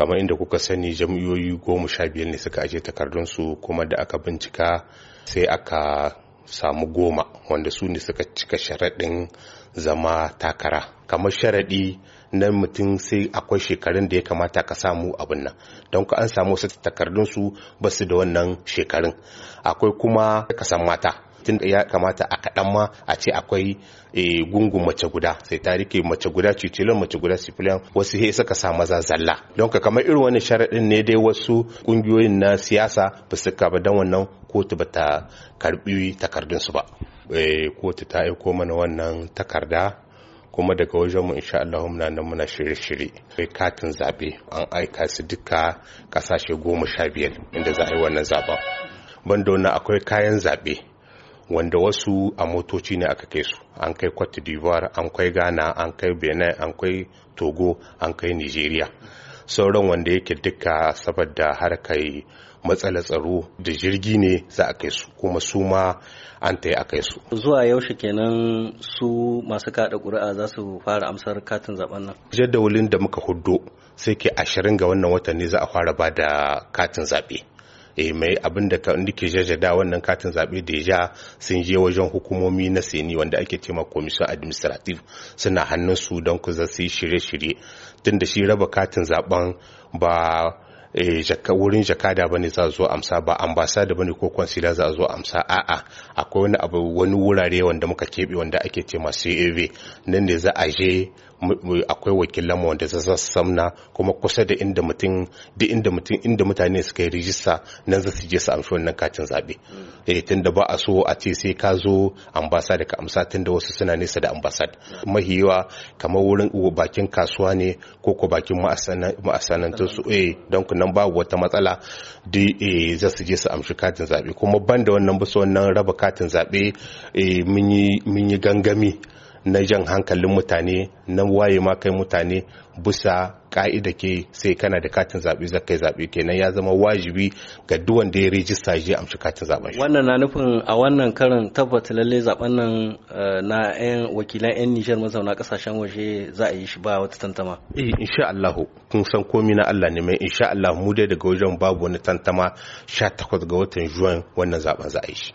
kamar inda kuka sani jam'iyoyi goma sha biyar ne suka aje takardunsu kuma da aka bincika sai aka samu goma wanda su ne suka cika sharaɗin zama takara kamar sharaɗi na mutum sai akwai shekarun da ya kamata ka samu abin nan don ka an samu wasu takardunsu ba su da wannan shekarun akwai kuma ka san mata tunda ya kamata a kaɗan ma a ce akwai eh, gungun mace guda sai ta rike mace guda cicilin mace guda sifiliyan wasu he suka sa maza zalla don ka kamar irin wani sharaɗin ne dai wasu ƙungiyoyin na siyasa ba su kaba don wannan kotu ba ta karɓi takardunsu ba eh, kotu ta aiko mana wannan takarda kuma daga wajen mu insha Allah muna nan muna shirye-shirye kai katin zabe an aika su duka kasashe goma sha biyar inda za a yi wannan zaben bandona akwai kayan zabe wanda wasu a motoci ne aka kai su an kai cote d'ivoire an kai ghana an kai benin an kai togo an kai nigeria sauran wanda yake duka saboda kai matsala tsaro da jirgi ne za a kai su kuma su ma an ta a kai su zuwa yaushe kenan su masu kada ƙuri'a za su fara amsar katin zaben nan jadawalin da muka huddo sai ke ashirin ga wannan watanni za a fara ba da katin zaɓe eh mai abin da ka nike jajjada wannan katin zaɓe da ja sun je wajen hukumomi na seni wanda ake cema commission administrative suna hannun su don ku zasu shirye-shirye tun da shi raba katin zaben ba Eh, jaka wurin jakada bane za a zo amsa ba ambasada bane ko kwansila za a zo amsa a'a akwai wani abu wani wurare wanda muka keɓe wanda ake ce masu CAV nan ne za a je akwai wakilan mu wanda za su samna kuma kusa da inda mutum da inda mutum inda mutane suka yi rijista nan za su je su amshi wannan katin zabe hmm. eh tunda ba a so a ce sai ka zo ambasada ka amsa tunda wasu suna nesa da ambasada mahiwa kamar wurin bakin kasuwa ne ko ko bakin ma'asanantar su eh don wannan babu wata matsala da eh, za su je su amshi katin zaɓe kuma ban da wannan bisa wannan raba katin zaɓe eh, mun yi gangami na jan hankalin mutane na waye ma kai mutane bisa ka'ida ke sai kana da katin zaɓe za kai zaɓe kenan ya zama wajibi ga duk wanda ya rijista ya amshi katin zaɓen shi wannan na nufin a wannan karin tabbata lalle zaben nan eh, na yan wakilan yan Nijar mazauna kasashen waje za a yi shi ba wata tantama eh insha Allah kun san komai na Allah ne mai insha Allah mu dai daga wajen babu wani tantama 18 ga watan Juwan wannan zaɓen za a yi shi